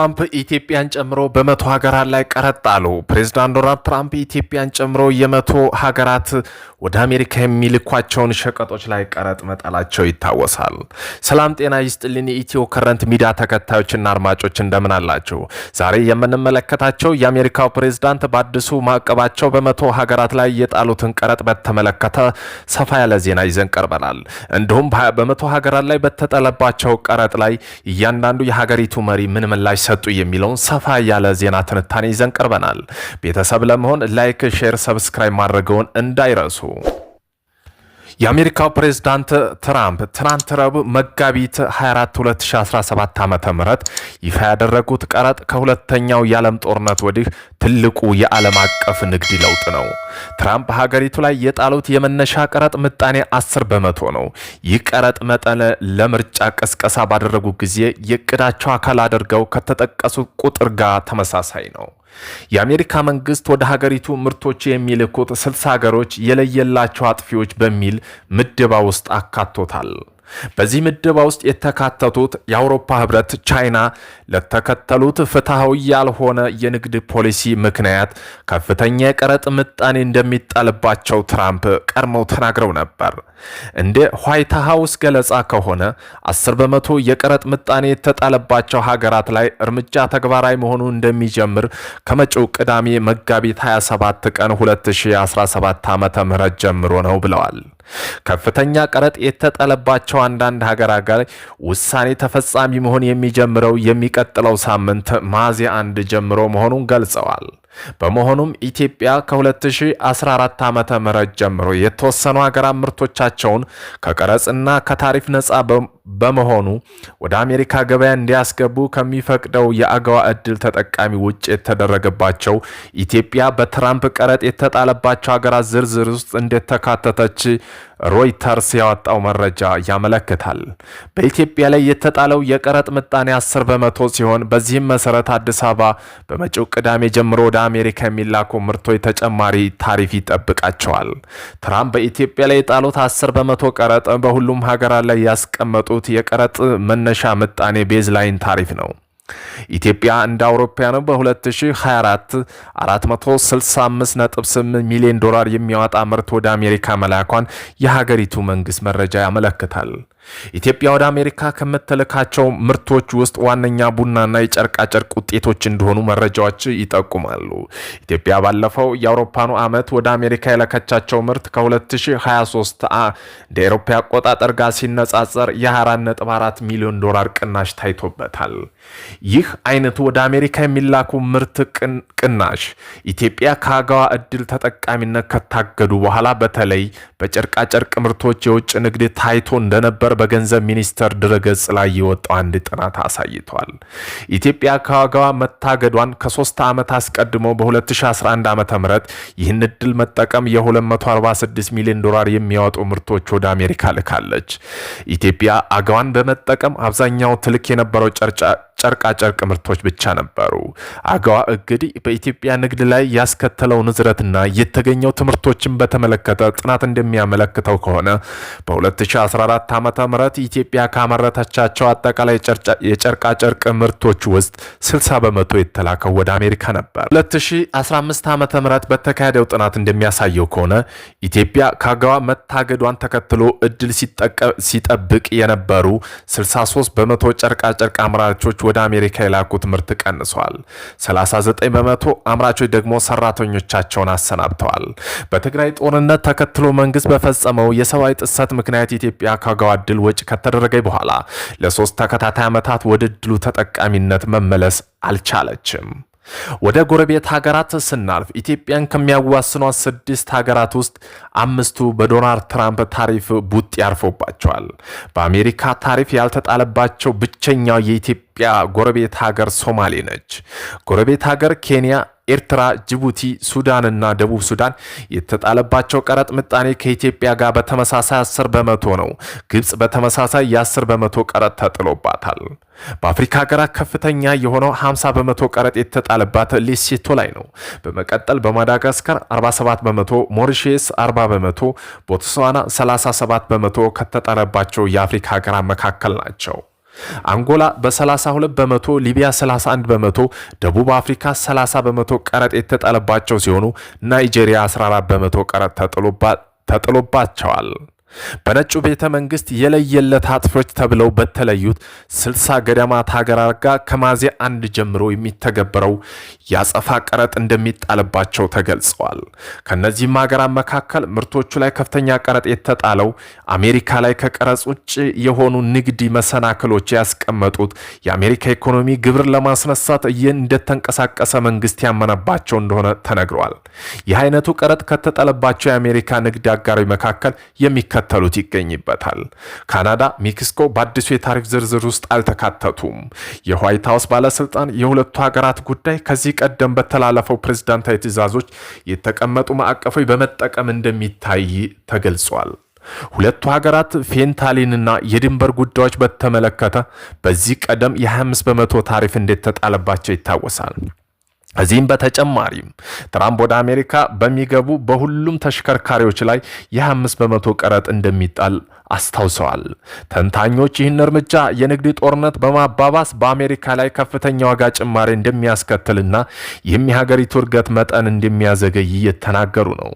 ትራምፕ ኢትዮጵያን ጨምሮ በመቶ ሀገራት ላይ ቀረጥ ጣሉ። ፕሬዚዳንት ዶናልድ ትራምፕ ኢትዮጵያን ጨምሮ የመቶ ሀገራት ወደ አሜሪካ የሚልኳቸውን ሸቀጦች ላይ ቀረጥ መጣላቸው ይታወሳል። ሰላም ጤና ይስጥልን። የኢትዮ ከረንት ሚዲያ ተከታዮችና አድማጮች እንደምን አላችሁ? ዛሬ የምንመለከታቸው የአሜሪካው ፕሬዚዳንት በአዲሱ ማዕቀባቸው በመቶ ሀገራት ላይ የጣሉትን ቀረጥ በተመለከተ ሰፋ ያለ ዜና ይዘን ቀርበናል። እንዲሁም በመቶ ሀገራት ላይ በተጠለባቸው ቀረጥ ላይ እያንዳንዱ የሀገሪቱ መሪ ምን ምላሽ ሰጡ የሚለውን ሰፋ ያለ ዜና ትንታኔ ይዘን ቀርበናል። ቤተሰብ ለመሆን ላይክ፣ ሼር፣ ሰብስክራይብ ማድረገውን እንዳይረሱ። የአሜሪካው ፕሬዝዳንት ትራምፕ ትናንት ረቡዕ መጋቢት 24 2017 ዓ ም ይፋ ያደረጉት ቀረጥ ከሁለተኛው የዓለም ጦርነት ወዲህ ትልቁ የዓለም አቀፍ ንግድ ለውጥ ነው። ትራምፕ ሀገሪቱ ላይ የጣሉት የመነሻ ቀረጥ ምጣኔ 10 በመቶ ነው። ይህ ቀረጥ መጠን ለምርጫ ቀስቀሳ ባደረጉት ጊዜ የእቅዳቸው አካል አድርገው ከተጠቀሱት ቁጥር ጋር ተመሳሳይ ነው። የአሜሪካ መንግስት ወደ ሀገሪቱ ምርቶች የሚልኩት ስልሳ ሀገሮች የለየላቸው አጥፊዎች በሚል ምደባ ውስጥ አካቶታል። በዚህ ምደባ ውስጥ የተካተቱት የአውሮፓ ህብረት፣ ቻይና ለተከተሉት ፍትሐዊ ያልሆነ የንግድ ፖሊሲ ምክንያት ከፍተኛ የቀረጥ ምጣኔ እንደሚጣልባቸው ትራምፕ ቀድመው ተናግረው ነበር። እንደ ዋይት ሀውስ ገለጻ ከሆነ 10 በመቶ የቀረጥ ምጣኔ የተጣለባቸው ሀገራት ላይ እርምጃ ተግባራዊ መሆኑ እንደሚጀምር ከመጪው ቅዳሜ መጋቢት 27 ቀን 2017 ዓ ም ጀምሮ ነው ብለዋል። ከፍተኛ ቀረጥ የተጣለባቸው አንዳንድ ሀገራት ጋር ውሳኔ ተፈጻሚ መሆን የሚጀምረው የሚቀጥለው ሳምንት ሚያዝያ አንድ ጀምሮ መሆኑን ገልጸዋል። በመሆኑም ኢትዮጵያ ከ2014 ዓ ም ጀምሮ የተወሰኑ ሀገራት ምርቶቻቸውን ከቀረጽና ከታሪፍ ነፃ በመሆኑ ወደ አሜሪካ ገበያ እንዲያስገቡ ከሚፈቅደው የአገዋ እድል ተጠቃሚ ውጭ የተደረገባቸው ኢትዮጵያ በትራምፕ ቀረጥ የተጣለባቸው ሀገራት ዝርዝር ውስጥ እንደተካተተች ሮይተርስ ያወጣው መረጃ ያመለክታል። በኢትዮጵያ ላይ የተጣለው የቀረጥ ምጣኔ 10 በመቶ ሲሆን በዚህም መሰረት አዲስ አበባ በመጪው ቅዳሜ ጀምሮ ወደ አሜሪካ የሚላኩ ምርቶች ተጨማሪ ታሪፍ ይጠብቃቸዋል። ትራምፕ በኢትዮጵያ ላይ የጣሉት 10 በመቶ ቀረጥ በሁሉም ሀገራት ላይ ያስቀመጡ ያሉት የቀረጥ መነሻ ምጣኔ ቤዝላይን ታሪፍ ነው። ኢትዮጵያ እንደ አውሮፓውያኑ በ2024 465.8 ሚሊዮን ዶላር የሚያወጣ ምርት ወደ አሜሪካ መላኳን የሀገሪቱ መንግስት መረጃ ያመለክታል። ኢትዮጵያ ወደ አሜሪካ ከምትልካቸው ምርቶች ውስጥ ዋነኛ ቡናና የጨርቃጨርቅ ውጤቶች እንደሆኑ መረጃዎች ይጠቁማሉ። ኢትዮጵያ ባለፈው የአውሮፓኑ ዓመት ወደ አሜሪካ የለከቻቸው ምርት ከ2023 እንደ አውሮፓ አቆጣጠር ጋር ሲነጻጸር የ24.4 ሚሊዮን ዶላር ቅናሽ ታይቶበታል። ይህ አይነቱ ወደ አሜሪካ የሚላኩ ምርት ቅናሽ ኢትዮጵያ ከአገዋ እድል ተጠቃሚነት ከታገዱ በኋላ በተለይ በጨርቃጨርቅ ምርቶች የውጭ ንግድ ታይቶ እንደነበር እንደነበር በገንዘብ ሚኒስቴር ድረገጽ ላይ የወጣው አንድ ጥናት አሳይቷል። ኢትዮጵያ ከዋጋዋ መታገዷን ከሶስት ዓመት አስቀድሞ በ2011 ዓ ም ይህን እድል መጠቀም የ246 ሚሊዮን ዶላር የሚያወጡ ምርቶች ወደ አሜሪካ ልካለች። ኢትዮጵያ አገዋን በመጠቀም አብዛኛው ትልክ የነበረው ጨርጫ ጨርቃጨርቅ ምርቶች ብቻ ነበሩ። አገዋ እግድ በኢትዮጵያ ንግድ ላይ ያስከተለው ንዝረትና የተገኘው ትምህርቶችን በተመለከተ ጥናት እንደሚያመለክተው ከሆነ በ2014 ዓ ም ኢትዮጵያ ካመረተቻቸው አጠቃላይ የጨርቃጨርቅ ምርቶች ውስጥ 60 በመቶ የተላከው ወደ አሜሪካ ነበር። 2015 ዓ ም በተካሄደው ጥናት እንደሚያሳየው ከሆነ ኢትዮጵያ ከአገዋ መታገዷን ተከትሎ እድል ሲጠብቅ የነበሩ 63 በመቶ ጨርቃጨርቅ አምራቾች ወደ አሜሪካ የላኩት ምርት ቀንሷል። 39 በመቶ አምራቾች ደግሞ ሰራተኞቻቸውን አሰናብተዋል። በትግራይ ጦርነት ተከትሎ መንግስት በፈጸመው የሰብአዊ ጥሰት ምክንያት ኢትዮጵያ ከአገዋ ድል ወጪ ከተደረገ በኋላ ለሶስት ተከታታይ ዓመታት ወደ ድሉ ተጠቃሚነት መመለስ አልቻለችም። ወደ ጎረቤት ሀገራት ስናልፍ ኢትዮጵያን ከሚያዋስኗት ስድስት ሀገራት ውስጥ አምስቱ በዶናልድ ትራምፕ ታሪፍ ቡጥ ያርፎባቸዋል። በአሜሪካ ታሪፍ ያልተጣለባቸው ብቸኛው የኢትዮጵያ ጎረቤት ሀገር ሶማሌ ነች። ጎረቤት ሀገር ኬንያ ኤርትራ፣ ጅቡቲ፣ ሱዳንና ደቡብ ሱዳን የተጣለባቸው ቀረጥ ምጣኔ ከኢትዮጵያ ጋር በተመሳሳይ 10 በመቶ ነው። ግብፅ በተመሳሳይ የ10 በመቶ ቀረጥ ተጥሎባታል። በአፍሪካ ሀገራት ከፍተኛ የሆነው 50 በመቶ ቀረጥ የተጣለባት ሌሴቶ ላይ ነው። በመቀጠል በማዳጋስከር 47 በመቶ፣ ሞሪሼስ 40 በመቶ፣ ቦትስዋና 37 በመቶ ከተጣለባቸው የአፍሪካ ሀገራት መካከል ናቸው። አንጎላ በ32 በመቶ፣ ሊቢያ 31 በመቶ፣ ደቡብ አፍሪካ 30 በመቶ ቀረጥ የተጣለባቸው ሲሆኑ ናይጄሪያ 14 በመቶ ቀረጥ ተጥሎባቸዋል። በነጩ ቤተ መንግስት የለየለት አጥፊዎች ተብለው በተለዩት ስልሳ ገደማት ሀገራት ጋር ከሚያዝያ አንድ ጀምሮ የሚተገበረው የአጸፋ ቀረጥ እንደሚጣልባቸው ተገልጸዋል። ከእነዚህም ሀገራት መካከል ምርቶቹ ላይ ከፍተኛ ቀረጥ የተጣለው አሜሪካ ላይ ከቀረጽ ውጭ የሆኑ ንግድ መሰናክሎች ያስቀመጡት የአሜሪካ ኢኮኖሚ ግብር ለማስነሳት ይህን እንደተንቀሳቀሰ መንግስት ያመነባቸው እንደሆነ ተነግሯል። ይህ አይነቱ ቀረጥ ከተጠለባቸው የአሜሪካ ንግድ አጋሮች መካከል የሚከ የሚከተሉት ይገኝበታል። ካናዳ፣ ሜክሲኮ በአዲሱ የታሪፍ ዝርዝር ውስጥ አልተካተቱም። የዋይት ሀውስ ባለስልጣን የሁለቱ ሀገራት ጉዳይ ከዚህ ቀደም በተላለፈው ፕሬዝዳንታዊ ትእዛዞች የተቀመጡ ማዕቀፎች በመጠቀም እንደሚታይ ተገልጿል። ሁለቱ ሀገራት ፌንታሊንና የድንበር ጉዳዮች በተመለከተ በዚህ ቀደም የ25 በመቶ ታሪፍ እንደተጣለባቸው ይታወሳል። እዚህም በተጨማሪም ትራምፕ ወደ አሜሪካ በሚገቡ በሁሉም ተሽከርካሪዎች ላይ የ 5 በመቶ ቀረጥ እንደሚጣል አስታውሰዋል። ተንታኞች ይህን እርምጃ የንግድ ጦርነት በማባባስ በአሜሪካ ላይ ከፍተኛ ዋጋ ጭማሪ እንደሚያስከትልና ይህም የሀገሪቱ እድገት መጠን እንደሚያዘገይ እየተናገሩ ነው።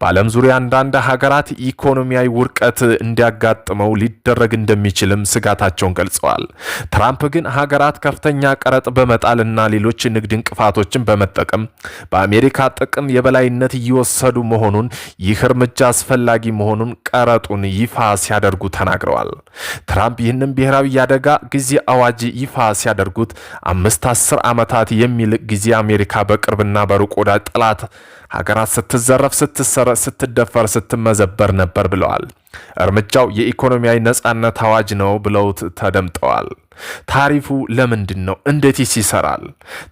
በዓለም ዙሪያ አንዳንድ ሀገራት ኢኮኖሚያዊ ውድቀት እንዲያጋጥመው ሊደረግ እንደሚችልም ስጋታቸውን ገልጸዋል። ትራምፕ ግን ሀገራት ከፍተኛ ቀረጥ በመጣልና ሌሎች ንግድ እንቅፋቶችን በመጠቀም በአሜሪካ ጥቅም የበላይነት እየወሰዱ መሆኑን ይህ እርምጃ አስፈላጊ መሆኑን ቀረጡን ይፋ ሲያ ሲያደርጉ ተናግረዋል። ትራምፕ ይህንን ብሔራዊ የአደጋ ጊዜ አዋጅ ይፋ ሲያደርጉት አምስት አስር ዓመታት የሚልቅ ጊዜ አሜሪካ በቅርብና በሩቅ ወዳጅ ጠላት ሀገራት ስትዘረፍ፣ ስትሰረ፣ ስትደፈር፣ ስትመዘበር ነበር ብለዋል። እርምጃው የኢኮኖሚያዊ ነጻነት አዋጅ ነው ብለውት ተደምጠዋል። ታሪፉ ለምንድን ነው? እንዴትስ ይሰራል?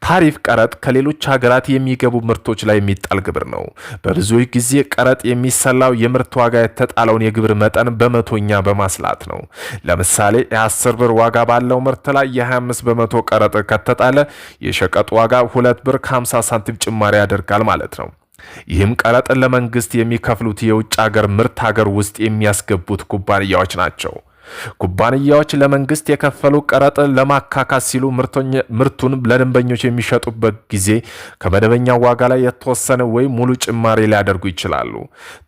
ታሪፍ ቀረጥ ከሌሎች ሀገራት የሚገቡ ምርቶች ላይ የሚጣል ግብር ነው። በብዙ ጊዜ ቀረጥ የሚሰላው የምርት ዋጋ የተጣለውን የግብር መጠን በመቶኛ በማስላት ነው። ለምሳሌ የ10 ብር ዋጋ ባለው ምርት ላይ የ25 በመቶ ቀረጥ ከተጣለ የሸቀጥ ዋጋ 2 ብር ከ50 ሳንቲም ጭማሪ ያደርጋል ማለት ነው። ይህም ቀረጥን ለመንግስት የሚከፍሉት የውጭ ሀገር ምርት ሀገር ውስጥ የሚያስገቡት ኩባንያዎች ናቸው። ኩባንያዎች ለመንግስት የከፈሉ ቀረጥ ለማካካስ ሲሉ ምርቱን ለደንበኞች የሚሸጡበት ጊዜ ከመደበኛ ዋጋ ላይ የተወሰነ ወይም ሙሉ ጭማሪ ሊያደርጉ ይችላሉ።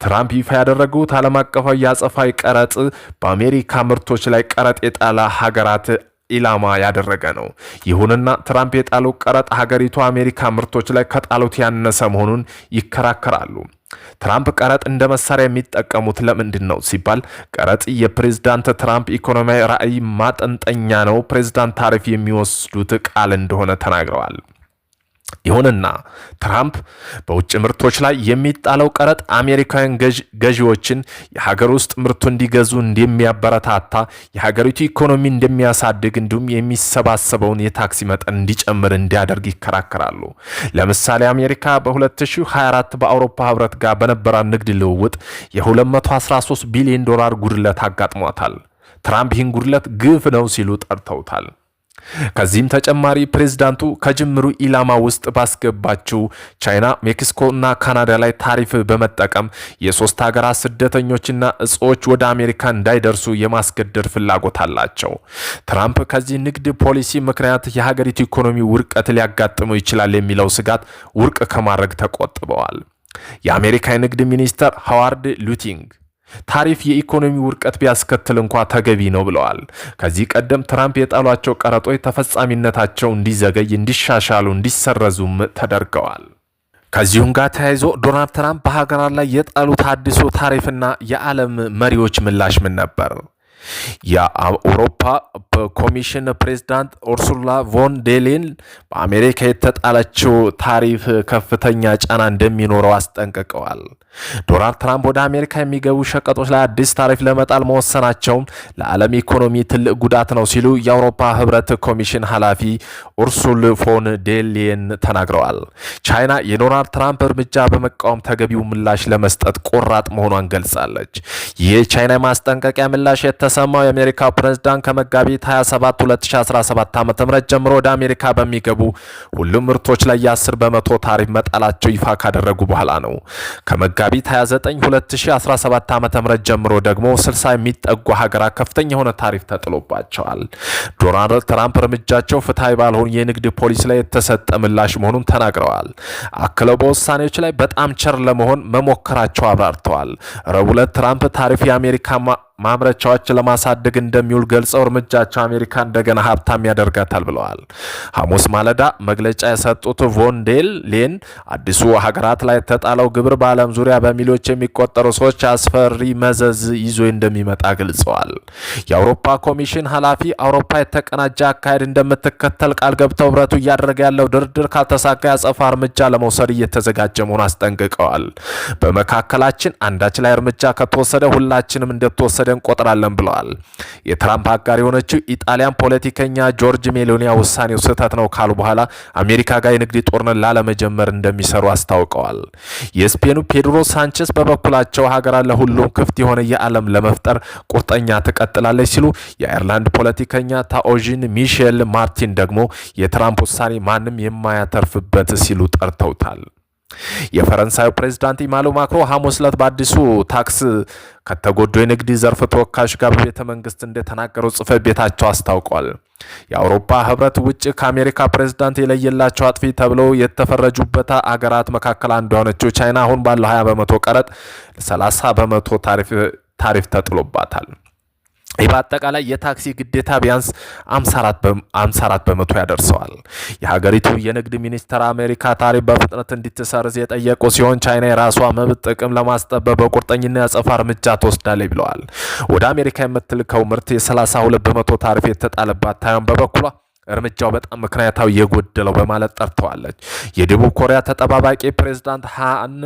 ትራምፕ ይፋ ያደረጉት ዓለም አቀፋዊ የአጸፋዊ ቀረጥ በአሜሪካ ምርቶች ላይ ቀረጥ የጣለ ሀገራት ኢላማ ያደረገ ነው። ይሁንና ትራምፕ የጣሉ ቀረጥ ሀገሪቱ አሜሪካ ምርቶች ላይ ከጣሉት ያነሰ መሆኑን ይከራከራሉ። ትራምፕ ቀረጥ እንደ መሳሪያ የሚጠቀሙት ለምንድን ነው ሲባል ቀረጥ የፕሬዝዳንት ትራምፕ ኢኮኖሚያዊ ራዕይ ማጠንጠኛ ነው። ፕሬዝዳንት ታሪፍ የሚወስዱት ቃል እንደሆነ ተናግረዋል። ይሁንና ትራምፕ በውጭ ምርቶች ላይ የሚጣለው ቀረጥ አሜሪካውያን ገዢዎችን የሀገር ውስጥ ምርቱ እንዲገዙ እንደሚያበረታታ፣ የሀገሪቱ ኢኮኖሚ እንደሚያሳድግ፣ እንዲሁም የሚሰባሰበውን የታክሲ መጠን እንዲጨምር እንዲያደርግ ይከራከራሉ። ለምሳሌ አሜሪካ በ2024 በአውሮፓ ህብረት ጋር በነበረ ንግድ ልውውጥ የ213 ቢሊዮን ዶላር ጉድለት አጋጥሟታል። ትራምፕ ይህን ጉድለት ግፍ ነው ሲሉ ጠርተውታል። ከዚህም ተጨማሪ ፕሬዝዳንቱ ከጅምሩ ኢላማ ውስጥ ባስገባችው ቻይና፣ ሜክሲኮ እና ካናዳ ላይ ታሪፍ በመጠቀም የሶስት ሀገራት ስደተኞችና እጽዎች ወደ አሜሪካ እንዳይደርሱ የማስገደድ ፍላጎት አላቸው። ትራምፕ ከዚህ ንግድ ፖሊሲ ምክንያት የሀገሪቱ ኢኮኖሚ ውድቀት ሊያጋጥመው ይችላል የሚለው ስጋት ውድቅ ከማድረግ ተቆጥበዋል። የአሜሪካ የንግድ ሚኒስተር ሃዋርድ ሉቲንግ ታሪፍ የኢኮኖሚ ውድቀት ቢያስከትል እንኳ ተገቢ ነው ብለዋል። ከዚህ ቀደም ትራምፕ የጣሏቸው ቀረጦች ተፈጻሚነታቸው እንዲዘገይ፣ እንዲሻሻሉ፣ እንዲሰረዙም ተደርገዋል። ከዚሁም ጋር ተያይዞ ዶናልድ ትራምፕ በሀገራት ላይ የጣሉት አዲሱ ታሪፍና የዓለም መሪዎች ምላሽ ምን ነበር? የአውሮፓ ኮሚሽን ፕሬዝዳንት ኡርሱላ ቮን ዴሌን በአሜሪካ የተጣለችው ታሪፍ ከፍተኛ ጫና እንደሚኖረው አስጠንቅቀዋል። ዶናልድ ትራምፕ ወደ አሜሪካ የሚገቡ ሸቀጦች ላይ አዲስ ታሪፍ ለመጣል መወሰናቸው ለዓለም ኢኮኖሚ ትልቅ ጉዳት ነው ሲሉ የአውሮፓ ህብረት ኮሚሽን ኃላፊ ኡርሱል ፎን ዴሌን ተናግረዋል። ቻይና የዶናልድ ትራምፕ እርምጃ በመቃወም ተገቢው ምላሽ ለመስጠት ቆራጥ መሆኗን ገልጻለች። ይህ የቻይና የማስጠንቀቂያ ምላሽ የተሰ የተሰማው የአሜሪካ ፕሬዝዳንት ከመጋቢት 27 2017 ዓ ም ጀምሮ ወደ አሜሪካ በሚገቡ ሁሉም ምርቶች ላይ የ10 በመቶ ታሪፍ መጣላቸው ይፋ ካደረጉ በኋላ ነው። ከመጋቢት 29 2017 ዓ ም ጀምሮ ደግሞ 60 የሚጠጉ ሀገራት ከፍተኛ የሆነ ታሪፍ ተጥሎባቸዋል። ዶናልድ ትራምፕ እርምጃቸው ፍትሐዊ ባልሆኑ የንግድ ፖሊሲ ላይ የተሰጠ ምላሽ መሆኑን ተናግረዋል። አክለው በውሳኔዎች ላይ በጣም ቸር ለመሆን መሞከራቸው አብራርተዋል። ረቡዕ ዕለት ትራምፕ ታሪፍ የአሜሪካ ማምረቻዎችን ለማሳደግ እንደሚውል ገልጸው እርምጃቸው አሜሪካ እንደገና ሀብታም ያደርጋታል ብለዋል። ሐሙስ ማለዳ መግለጫ የሰጡት ቮንዴል ሌን አዲሱ ሀገራት ላይ የተጣለው ግብር በዓለም ዙሪያ በሚሊዮች የሚቆጠሩ ሰዎች አስፈሪ መዘዝ ይዞ እንደሚመጣ ገልጸዋል። የአውሮፓ ኮሚሽን ኃላፊ አውሮፓ የተቀናጀ አካሄድ እንደምትከተል ቃል ገብተው ህብረቱ እያደረገ ያለው ድርድር ካልተሳካ ያጸፋ እርምጃ ለመውሰድ እየተዘጋጀ መሆኑ አስጠንቅቀዋል። በመካከላችን አንዳች ላይ እርምጃ ከተወሰደ ሁላችንም እንደተወሰደ እንደተለመደ እንቆጥራለን ብለዋል። የትራምፕ አጋር የሆነችው ኢጣሊያን ፖለቲከኛ ጆርጅ ሜሎኒያ ውሳኔው ስህተት ነው ካሉ በኋላ አሜሪካ ጋር የንግድ ጦርነት ላለመጀመር እንደሚሰሩ አስታውቀዋል። የስፔኑ ፔድሮ ሳንቼስ በበኩላቸው ሀገራት ለሁሉም ክፍት የሆነ የዓለም ለመፍጠር ቁርጠኛ ትቀጥላለች ሲሉ፣ የአይርላንድ ፖለቲከኛ ታኦዥን ሚሼል ማርቲን ደግሞ የትራምፕ ውሳኔ ማንም የማያተርፍበት ሲሉ ጠርተውታል። የፈረንሳዩ ፕሬዚዳንት ኢማኑ ማክሮ ሐሙስ ዕለት በአዲሱ ታክስ ከተጎዱ የንግድ ዘርፍ ተወካዮች ጋር በቤተ መንግስት እንደተናገረው ጽሕፈት ቤታቸው አስታውቋል። የአውሮፓ ህብረት ውጭ ከአሜሪካ ፕሬዝዳንት የለየላቸው አጥፊ ተብለው የተፈረጁበት አገራት መካከል አንዱ የሆነችው ቻይና አሁን ባለው 20 በመቶ ቀረጥ 30 በመቶ ታሪፍ ተጥሎባታል። ይህ በአጠቃላይ የታክሲ ግዴታ ቢያንስ 54 በመቶ ያደርሰዋል። የሀገሪቱ የንግድ ሚኒስትር አሜሪካ ታሪፍ በፍጥነት እንድትሰርዝ የጠየቁ ሲሆን ቻይና የራሷ መብት ጥቅም ለማስጠበቅ በቁርጠኝና ያጸፋ እርምጃ ትወስዳለች ብለዋል። ወደ አሜሪካ የምትልከው ምርት የ32 በመቶ ታሪፍ የተጣለባት ታይዋን በበኩሏ እርምጃው በጣም ምክንያታዊ የጎደለው በማለት ጠርተዋለች። የደቡብ ኮሪያ ተጠባባቂ ፕሬዝዳንት ሃን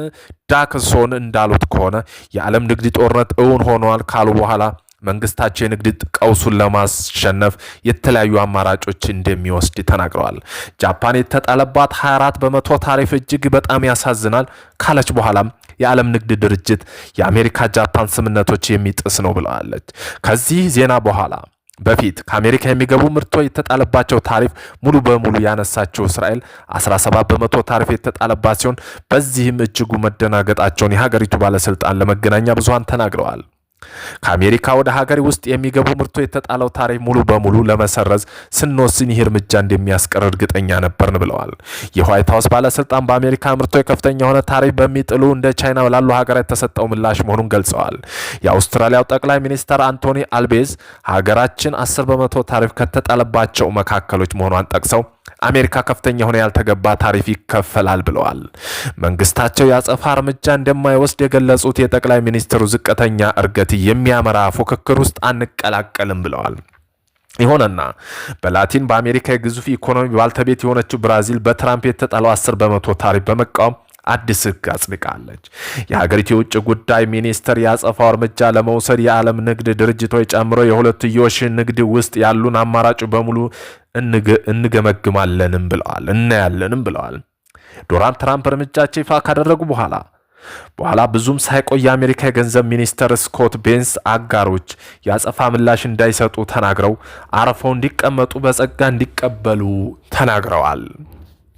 ዳክሶን እንዳሉት ከሆነ የዓለም ንግድ ጦርነት እውን ሆኗል ካሉ በኋላ መንግስታቸው የንግድ ቀውሱን ለማሸነፍ የተለያዩ አማራጮች እንደሚወስድ ተናግረዋል። ጃፓን የተጣለባት 24 በመቶ ታሪፍ እጅግ በጣም ያሳዝናል ካለች በኋላም የዓለም ንግድ ድርጅት የአሜሪካ ጃፓን ስምነቶች የሚጥስ ነው ብለዋለች። ከዚህ ዜና በኋላ በፊት ከአሜሪካ የሚገቡ ምርቶች የተጣለባቸው ታሪፍ ሙሉ በሙሉ ያነሳቸው እስራኤል 17 በመቶ ታሪፍ የተጣለባት ሲሆን በዚህም እጅጉ መደናገጣቸውን የሀገሪቱ ባለስልጣን ለመገናኛ ብዙሃን ተናግረዋል። ከአሜሪካ ወደ ሀገር ውስጥ የሚገቡ ምርቶች የተጣለው ታሪፍ ሙሉ በሙሉ ለመሰረዝ ስንወስን ይህ እርምጃ እንደሚያስቀር እርግጠኛ ነበርን ብለዋል። የዋይት ሀውስ ባለስልጣን በአሜሪካ ምርቶች ከፍተኛ የሆነ ታሪፍ በሚጥሉ እንደ ቻይና ላሉ ሀገራት የተሰጠው ምላሽ መሆኑን ገልጸዋል። የአውስትራሊያው ጠቅላይ ሚኒስትር አንቶኒ አልቤዝ ሀገራችን አስር በመቶ ታሪፍ ከተጣለባቸው መካከሎች መሆኗን ጠቅሰው አሜሪካ ከፍተኛ የሆነ ያልተገባ ታሪፍ ይከፈላል ብለዋል። መንግስታቸው የአጸፋ እርምጃ እንደማይወስድ የገለጹት የጠቅላይ ሚኒስትሩ ዝቅተኛ እርገት የሚያመራ ፉክክር ውስጥ አንቀላቀልም ብለዋል። ይሆነና በላቲን በአሜሪካ የግዙፍ ኢኮኖሚ ባልተቤት የሆነችው ብራዚል በትራምፕ የተጣለው አስር በመቶ ታሪፍ በመቃወም አዲስ ህግ አጽድቃለች። የሀገሪቱ የውጭ ጉዳይ ሚኒስትር የአጸፋው እርምጃ ለመውሰድ የዓለም ንግድ ድርጅቶች ጨምሮ የሁለትዮሽ ንግድ ውስጥ ያሉን አማራጭ በሙሉ እንገመግማለንም ብለዋል እናያለንም ብለዋል። ዶናልድ ትራምፕ እርምጃቸው ይፋ ካደረጉ በኋላ በኋላ ብዙም ሳይቆይ የአሜሪካ የገንዘብ ሚኒስተር ስኮት ቤንስ አጋሮች የአጸፋ ምላሽ እንዳይሰጡ ተናግረው አርፈው እንዲቀመጡ በጸጋ እንዲቀበሉ ተናግረዋል።